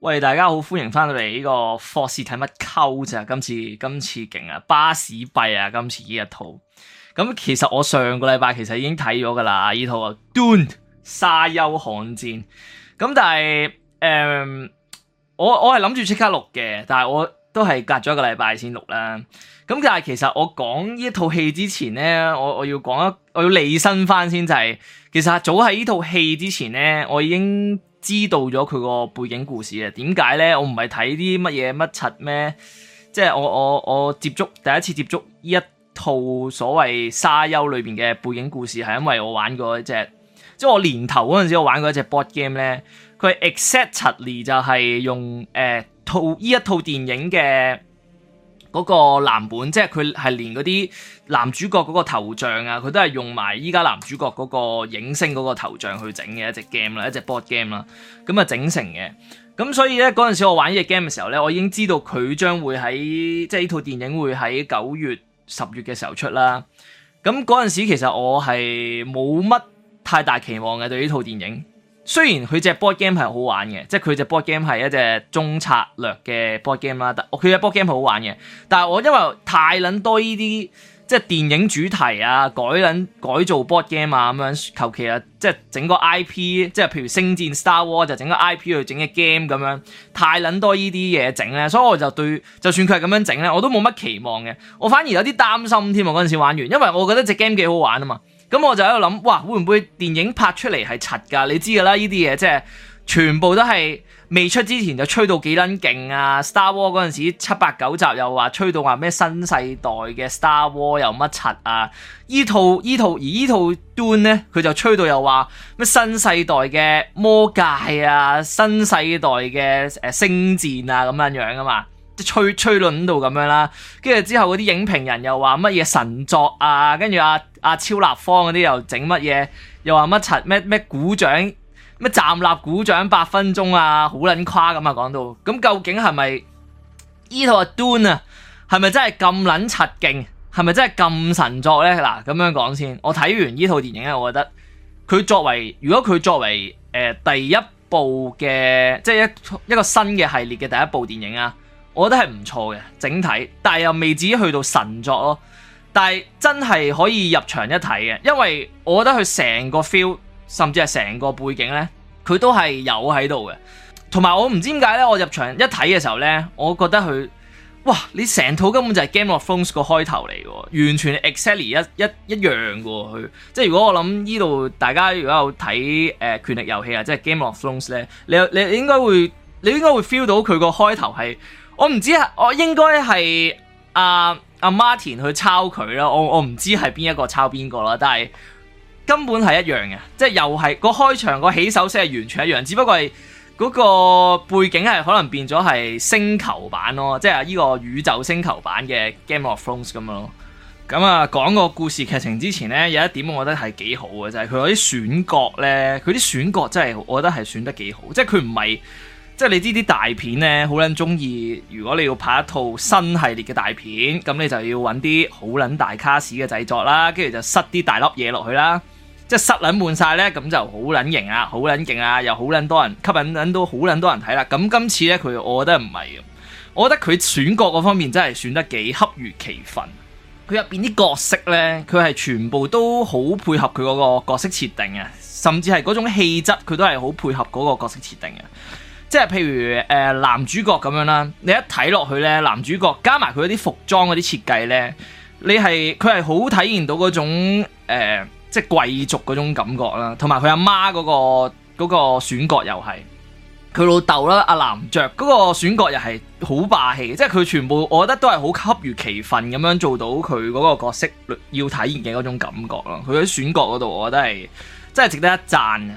喂，大家好，歡迎翻到嚟呢個 ce, ode,《霍士睇乜溝》咋？今次今次勁啊，巴士幣啊，今次呢一套，咁其實我上個禮拜其實已經睇咗噶啦，呢套啊《Dune 沙丘瀚戰》，咁但係誒，我我係諗住即刻錄嘅，但係我都係隔咗一個禮拜先錄啦。咁但係其實我講呢一套戲之前咧，我我要講一我要利申翻先、就是，就係其實早喺呢套戲之前咧，我已經知道咗佢個背景故事嘅，點解咧？我唔係睇啲乜嘢乜柒咩，即係我我我接觸第一次接觸呢一套所謂沙丘裏邊嘅背景故事，係因為我玩過一隻，即係我年頭嗰陣時我玩過一隻 board game 咧，佢 exactly 就係用誒套呢一套電影嘅嗰個藍本，即係佢係連嗰啲男主角嗰個頭像啊，佢都係用埋依家男主角嗰個影星嗰個頭像去整嘅一隻 game 啦，一隻 board game 啦，咁啊整成嘅。咁所以咧，嗰陣時我玩呢隻 game 嘅時候咧，我已經知道佢將會喺即係呢套電影會喺九月、十月嘅時候出啦。咁嗰陣時其實我係冇乜太大期望嘅對呢套電影。雖然佢隻 board game 係好玩嘅，即係佢隻 board game 係一隻中策略嘅 board game 啦，但佢隻 board game 係好玩嘅。但係我因為太撚多呢啲即係電影主題啊，改撚改造 board game 啊咁樣，求其啊即係整個 IP，即係譬如星戰 Star War 就整個 IP 去整嘅 game 咁樣，太撚多呢啲嘢整咧，所以我就對，就算佢係咁樣整咧，我都冇乜期望嘅，我反而有啲擔心添喎。嗰陣時玩完，因為我覺得隻 game 幾好玩啊嘛。咁我就喺度諗，哇，會唔會電影拍出嚟係柒噶？你知噶啦，呢啲嘢即係全部都係未出之前就吹到幾撚勁啊！Star War 嗰陣時七八九集又話吹到話咩新世代嘅 Star War 又乜柒啊？依套依套而依套端咧，佢就吹到又話咩新世代嘅魔戒啊，新世代嘅誒星戰啊咁樣樣噶嘛，即係吹吹到咁度咁樣啦、啊。跟住之後嗰啲影評人又話乜嘢神作啊，跟住啊。阿、啊、超立方嗰啲又整乜嘢？又話乜柒咩咩鼓掌咩站立鼓掌八分鐘啊，好撚誇咁啊！講到咁究竟係咪呢套呀 Dune 啊，係咪真係咁撚柒勁？係咪真係咁神作咧？嗱，咁樣講先，我睇完呢套電影咧、啊，我覺得佢作為如果佢作為誒、呃、第一部嘅即係一一個新嘅系列嘅第一部電影啊，我覺得係唔錯嘅整體，但係又未至於去到神作咯。但係真係可以入場一睇嘅，因為我覺得佢成個 feel，甚至係成個背景呢，佢都係有喺度嘅。同埋我唔知點解呢，我入場一睇嘅時候呢，我覺得佢，哇！你成套根本就係 Game of Thrones 個開頭嚟，完全 exactly 一一一樣嘅。佢即係如果我諗呢度大家如果有睇誒、呃、權力遊戲啊，即係 Game of Thrones 呢，你你你應該會，你應該會 feel 到佢個開頭係，我唔知啊，我應該係啊。呃阿 Martin 去抄佢啦，我我唔知係邊一個抄邊個啦，但係根本係一樣嘅，即係又係個開場個起手式係完全一樣，只不過係嗰個背景係可能變咗係星球版咯，即係呢個宇宙星球版嘅 Game of Thrones 咁樣咯。咁啊，講個故事劇情之前呢，有一點我覺得係幾好嘅，就係佢嗰啲選角呢，佢啲選角真係我覺得係選得幾好，即係佢唔係。即係你知啲大片咧，好撚中意。如果你要拍一套新系列嘅大片，咁你就要揾啲好撚大卡 a 嘅製作啦，跟住就塞啲大粒嘢落去啦。即係塞撚滿晒呢，咁就好撚型啊，好撚勁啊，又好撚多人吸引撚到好撚多人睇啦。咁今次呢，佢我覺得唔係我覺得佢選角嗰方面真係選得幾恰如其分。佢入邊啲角色呢，佢係全部都好配合佢嗰個角色設定啊，甚至係嗰種氣質，佢都係好配合嗰個角色設定啊。即係譬如誒、呃、男主角咁樣啦，你一睇落去咧，男主角加埋佢啲服裝嗰啲設計咧，你係佢係好體現到嗰種誒、呃、即係貴族嗰種感覺啦，同埋佢阿媽嗰個嗰、嗰個選角又係佢老豆啦，阿、啊、男爵嗰、嗰個選角又係好霸氣，即係佢全部我覺得都係好恰如其分咁樣做到佢嗰個角色要體現嘅嗰種感覺啦，佢喺選角嗰度，我覺得係真係值得一讚嘅，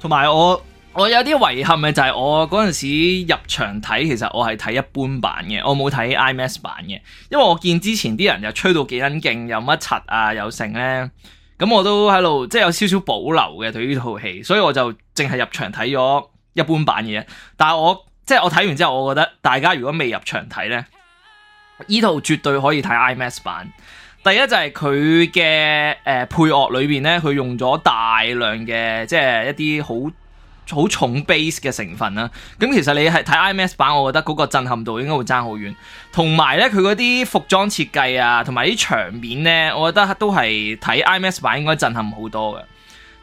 同埋我。我有啲遺憾嘅就係我嗰陣時入場睇，其實我係睇一般版嘅，我冇睇 IMAX 版嘅，因為我見之前啲人又吹到幾撚勁，又乜柒啊，又剩呢。咁我都喺度即係有少少保留嘅對於呢套戲，所以我就淨係入場睇咗一般版嘅啫。但係我即係我睇完之後，我覺得大家如果未入場睇呢，呢套絕對可以睇 IMAX 版。第一就係佢嘅誒配樂裏邊呢，佢用咗大量嘅即係一啲好。好重 base 嘅成分啦、啊，咁其實你係睇 IMAX 版，我覺得嗰個震撼度應該會爭好遠。同埋咧，佢嗰啲服裝設計啊，同埋啲場面咧，我覺得都係睇 IMAX 版應該震撼好多嘅。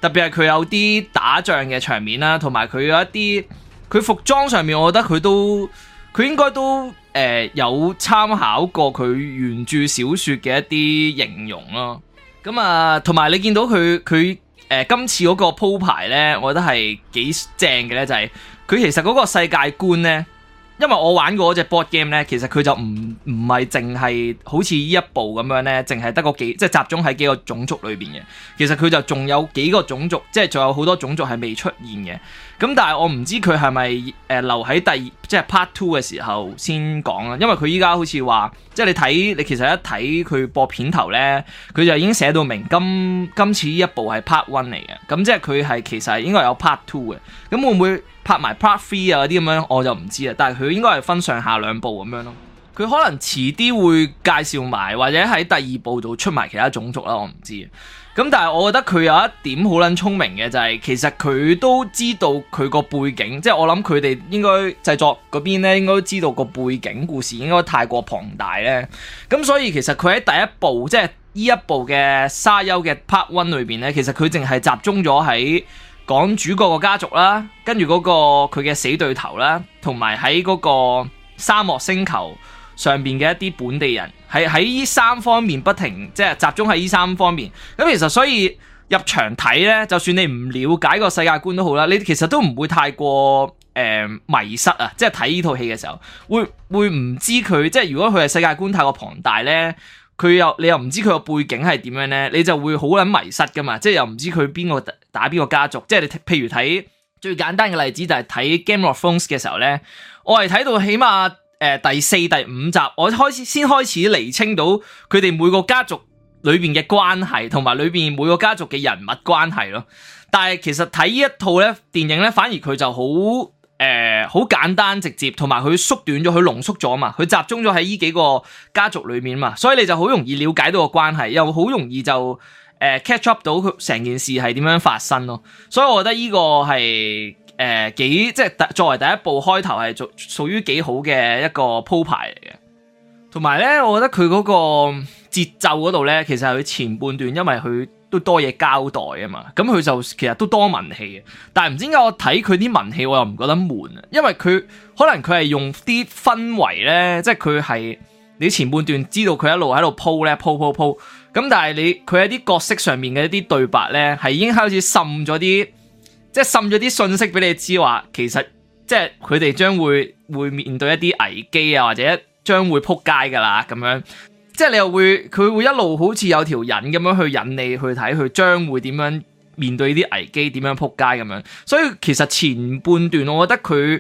特別係佢有啲打仗嘅場面啦、啊，同埋佢有一啲佢服裝上面，我覺得佢都佢應該都誒、呃、有參考過佢原著小說嘅一啲形容咯。咁啊，同埋、啊、你見到佢佢。誒、呃，今次嗰個鋪排咧，我覺得係幾正嘅咧、就係，就係佢其實嗰個世界觀咧，因為我玩過嗰隻 board game 咧，其實佢就唔唔係淨係好似依一部咁樣咧，淨係得個幾，即係集中喺幾個種族裏邊嘅，其實佢就仲有幾個種族，即係仲有好多種族係未出現嘅。咁但係我唔知佢係咪誒留喺第二，即係 part two 嘅時候先講啦，因為佢依家好似話，即係你睇你其實一睇佢播片頭咧，佢就已經寫到明今今次呢一部係 part one 嚟嘅，咁即係佢係其實應該有 part two 嘅，咁會唔會拍埋 part three 啊嗰啲咁樣，我就唔知啦。但係佢應該係分上下兩部咁樣咯，佢可能遲啲會介紹埋或者喺第二部度出埋其他種族啦，我唔知。咁但係，我覺得佢有一點好捻聰明嘅就係、是，其實佢都知道佢個背景，即係我諗佢哋應該製作嗰邊咧，應該都知道個背景故事應該太過龐大咧。咁所以其實佢喺第一部即係呢一部嘅沙丘嘅 Part One 裏邊咧，其實佢淨係集中咗喺講主角個家族啦，跟住嗰個佢嘅死對頭啦，同埋喺嗰個沙漠星球。上邊嘅一啲本地人，係喺呢三方面不停，即係集中喺呢三方面。咁其實所以入場睇咧，就算你唔了解個世界觀都好啦，你其實都唔會太過誒、呃、迷失啊！即係睇呢套戲嘅時候，會會唔知佢即係如果佢係世界觀太過龐大咧，佢又你又唔知佢個背景係點樣咧，你就會好捻迷失噶嘛！即係又唔知佢邊個打邊個家族，即係你譬如睇最簡單嘅例子就係睇 Game of Thrones 嘅時候咧，我係睇到起碼。誒，第四、第五集我開始先開始釐清到佢哋每個家族裏邊嘅關係，同埋裏邊每個家族嘅人物關係咯。但係其實睇呢一套咧，電影咧反而佢就好誒，好、呃、簡單直接，同埋佢縮短咗，佢濃縮咗嘛，佢集中咗喺呢幾個家族裏面嘛，所以你就好容易了解到個關係，又好容易就誒、呃、catch up 到佢成件事係點樣發生咯。所以我覺得呢個係。誒、呃，幾即係作為第一部開頭係屬屬於幾好嘅一個鋪排嚟嘅，同埋咧，我覺得佢嗰個節奏嗰度咧，其實佢前半段因為佢都多嘢交代啊嘛，咁佢就其實都多文戲嘅，但係唔知點解我睇佢啲文戲我又唔覺得悶啊，因為佢可能佢係用啲氛圍咧，即係佢係你前半段知道佢一路喺度鋪咧鋪鋪鋪，咁但係你佢喺啲角色上面嘅一啲對白咧，係已經開始滲咗啲。即係滲咗啲信息俾你知，話其實即係佢哋將會會面對一啲危機啊，或者將會撲街㗎喇咁樣。即係你又會佢會一路好似有條引咁樣去引你去睇佢將會點樣面對呢啲危機，點樣撲街咁樣。所以其實前半段我覺得佢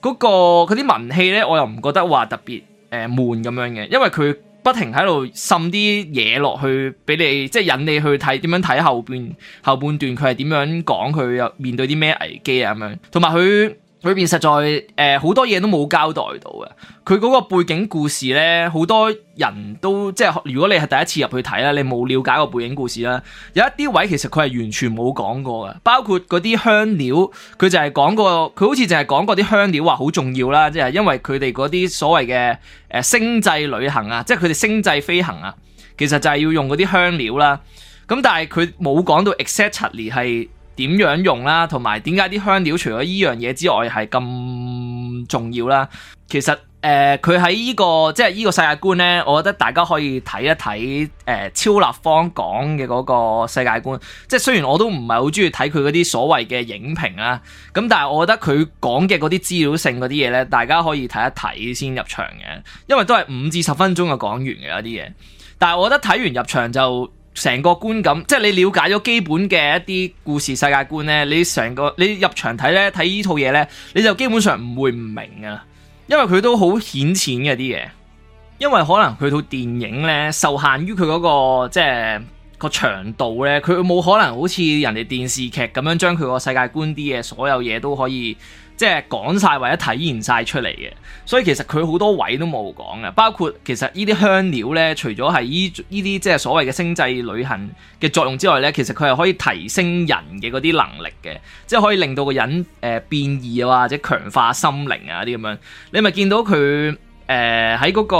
嗰、那個嗰啲文戲咧，我又唔覺得話特別誒、呃、悶咁樣嘅，因為佢。不停喺度滲啲嘢落去，俾你即係引你去睇點樣睇後邊後半段，佢係點樣講佢又面對啲咩危機啊咁樣，同埋佢。裏邊實在誒好、呃、多嘢都冇交代到嘅，佢嗰個背景故事呢，好多人都即係如果你係第一次入去睇啦，你冇了解個背景故事啦，有一啲位其實佢係完全冇講過嘅，包括嗰啲香料，佢就係講過佢好似淨係講過啲香料話好重要啦，即係因為佢哋嗰啲所謂嘅誒、呃、星際旅行啊，即係佢哋星際飛行啊，其實就係要用嗰啲香料啦，咁但係佢冇講到 exactly 係。點樣用啦，同埋點解啲香料除咗依樣嘢之外係咁重要啦？其實誒，佢喺呢個即係呢個世界觀呢，我覺得大家可以睇一睇誒、呃、超立方講嘅嗰個世界觀。即係雖然我都唔係好中意睇佢嗰啲所謂嘅影評啦，咁但係我覺得佢講嘅嗰啲資料性嗰啲嘢呢，大家可以睇一睇先入場嘅，因為都係五至十分鐘就講完嘅一啲嘢。但係我覺得睇完入場就。成個觀感，即係你了解咗基本嘅一啲故事世界觀呢，你成個你入場睇呢，睇呢套嘢呢，你就基本上唔會唔明噶喇，因為佢都好顯淺嘅啲嘢。因為可能佢套電影呢，受限於佢嗰個即係個長度呢，佢冇可能好似人哋電視劇咁樣將佢個世界觀啲嘢，所有嘢都可以。即係講晒或者體現晒出嚟嘅，所以其實佢好多位都冇講嘅，包括其實呢啲香料呢，除咗係呢呢啲即係所謂嘅星際旅行嘅作用之外呢，其實佢係可以提升人嘅嗰啲能力嘅，即係可以令到個人誒、呃、變異啊或者強化心靈啊啲咁樣。你咪見到佢誒喺嗰個、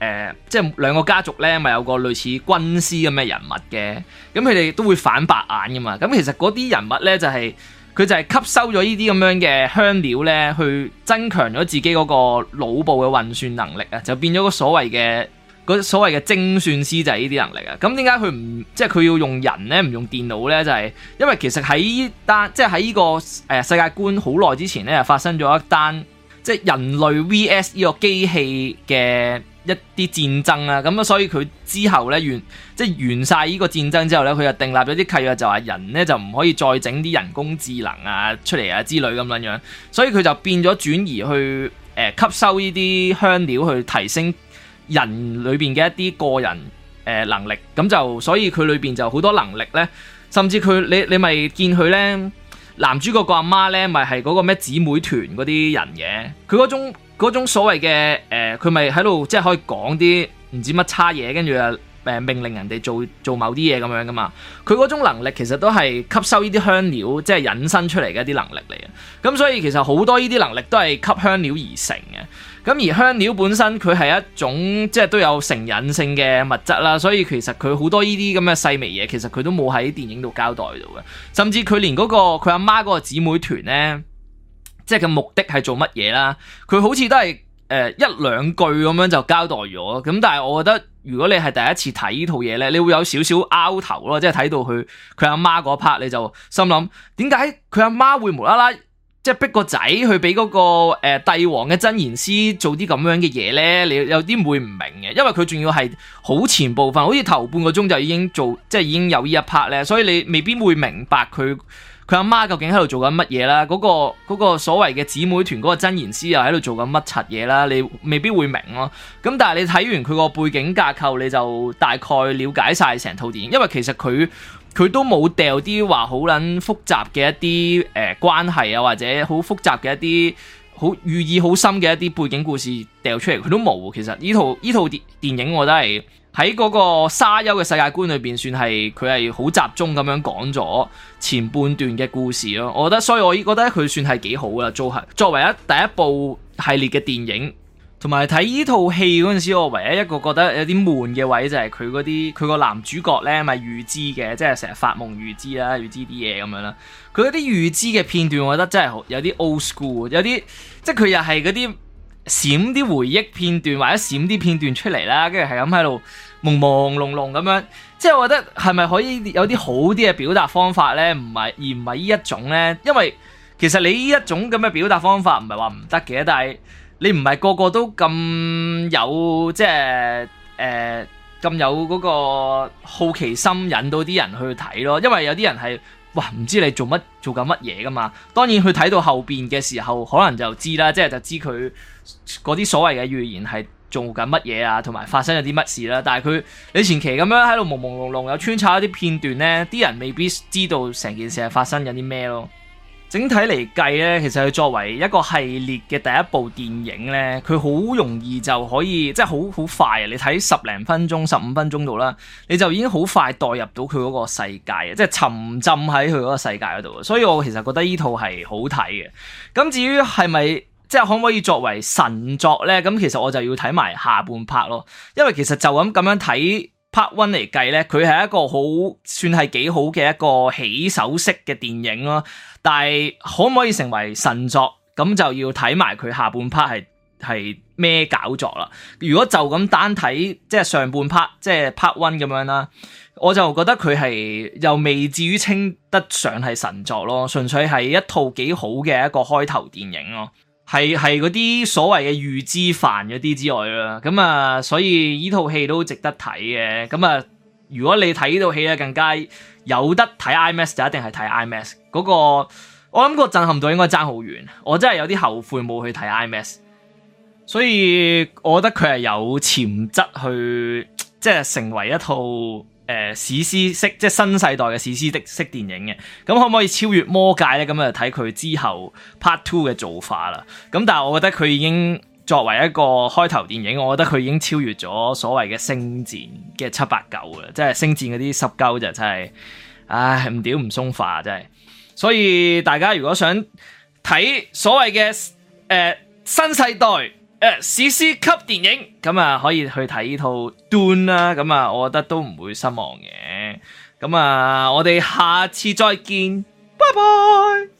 呃、即係兩個家族呢，咪有個類似軍師咁嘅人物嘅，咁佢哋都會反白眼噶嘛。咁其實嗰啲人物呢，就係、是。佢就係吸收咗呢啲咁樣嘅香料咧，去增強咗自己嗰個腦部嘅運算能力啊，就變咗個所謂嘅所謂嘅精算師就係呢啲能力啊。咁點解佢唔即係佢要用人咧，唔用電腦咧？就係因為其實喺呢單即係喺呢個誒世界觀好耐之前咧，發生咗一單即係人類 V.S 呢個機器嘅。一啲戰爭啊，咁啊，所以佢之後呢，完，即係完晒呢個戰爭之後呢，佢就訂立咗啲契約就，就話人呢就唔可以再整啲人工智能啊出嚟啊之類咁樣樣，所以佢就變咗轉移去誒、呃、吸收呢啲香料去提升人裏邊嘅一啲個人誒、呃、能力，咁就所以佢裏邊就好多能力呢，甚至佢你你咪見佢呢，男主角個阿媽，媽呢咪係嗰個咩姊妹團嗰啲人嘅，佢嗰種。嗰種所謂嘅誒，佢咪喺度即係可以講啲唔知乜叉嘢，跟住誒命令人哋做做某啲嘢咁樣噶嘛？佢嗰種能力其實都係吸收呢啲香料，即係引申出嚟嘅一啲能力嚟嘅。咁所以其實好多呢啲能力都係吸香料而成嘅。咁而香料本身佢係一種即係都有成癮性嘅物質啦，所以其實佢好多呢啲咁嘅細微嘢，其實佢都冇喺電影度交代到嘅。甚至佢連嗰個佢阿媽嗰個姊妹團咧。即係佢嘅目的係做乜嘢啦？佢好似都係誒、呃、一兩句咁樣就交代咗。咁但係我覺得如果你係第一次睇呢套嘢呢，你會有少少拗頭咯。即係睇到佢佢阿媽嗰 part，你就心諗點解佢阿媽會無啦啦即係逼個仔去俾嗰、那個、呃、帝王嘅真言師做啲咁樣嘅嘢呢？你有啲會唔明嘅，因為佢仲要係好前部分，好似頭半個鐘就已經做，即係已經有一呢一 part 呢，所以你未必會明白佢。佢阿媽究竟喺度做緊乜嘢啦？嗰、嗰個嗰個所謂嘅姊妹團嗰個真言師又喺度做緊乜柒嘢啦？你未必會明咯、啊。咁但係你睇完佢個背景架構，你就大概了解晒成套電影。因為其實佢佢都冇掉啲話好撚複雜嘅一啲誒、呃、關係啊，或者好複雜嘅一啲好寓意好深嘅一啲背景故事掉出嚟，佢都冇。其實呢套依套電電影我都係。喺嗰個沙丘嘅世界觀裏邊，算係佢係好集中咁樣講咗前半段嘅故事咯。我覺得，所以我依覺得佢算係幾好噶啦。作為作為一第一部系列嘅電影，同埋睇呢套戲嗰陣時，我唯一一個覺得有啲悶嘅位就係佢嗰啲佢個男主角咧，咪預知嘅，即係成日發夢預知啦，預知啲嘢咁樣啦。佢嗰啲預知嘅片段，我覺得真係好有啲 old school，有啲即係佢又係嗰啲閃啲回憶片段或者閃啲片段出嚟啦，跟住係咁喺度，朦朦朧朧咁樣，即係我覺得係咪可以有啲好啲嘅表達方法咧？唔係而唔係呢一種咧，因為其實你呢一種咁嘅表達方法唔係話唔得嘅，但係你唔係個個都咁有即係誒咁有嗰個好奇心引到啲人去睇咯。因為有啲人係哇唔知你做乜做緊乜嘢噶嘛。當然佢睇到後邊嘅時候，可能就知啦，即係就知佢嗰啲所謂嘅預言係。做緊乜嘢啊？同埋發生咗啲乜事啦？但係佢你前期咁樣喺度朦朦朧朧有穿插一啲片段呢，啲人未必知道成件事係發生緊啲咩咯。整體嚟計呢，其實佢作為一個系列嘅第一部電影呢，佢好容易就可以即係好好快啊！你睇十零分鐘、十五分鐘度啦，你就已經好快代入到佢嗰個世界，即係沉浸喺佢嗰個世界嗰度。所以我其實覺得呢套係好睇嘅。咁至於係咪？即係可唔可以作為神作咧？咁其實我就要睇埋下半 part 咯，因為其實就咁咁樣睇 part one 嚟計咧，佢係一個好，算係幾好嘅一個起手式嘅電影咯。但係可唔可以成為神作？咁就要睇埋佢下半 part 係係咩搞作啦。如果就咁單睇即係上半 part，即係 part one 咁樣啦，我就覺得佢係又未至於稱得上係神作咯，純粹係一套幾好嘅一個開頭電影咯。係係嗰啲所謂嘅預知犯嗰啲之外啦，咁啊，所以依套戲都值得睇嘅。咁啊，如果你睇呢套戲咧，更加有得睇 IMAX 就一定係睇 IMAX 嗰個。我諗個震撼度應該爭好遠，我真係有啲後悔冇去睇 IMAX，所以我覺得佢係有潛質去，即係成為一套。呃、史詩式即係新世代嘅史詩的式電影嘅，咁可唔可以超越魔界呢？咁啊，睇佢之後 part two 嘅做法啦。咁但係我覺得佢已經作為一個開頭電影，我覺得佢已經超越咗所謂嘅星戰嘅七八九嘅，即係星戰嗰啲濕鳩就真係，唉唔屌唔鬆化真係。所以大家如果想睇所謂嘅誒新世代。誒，史詩、yeah，級電影咁啊，可以去睇呢套 Dune 啦，咁啊，我覺得都唔會失望嘅，咁啊，我哋下次再見，拜拜。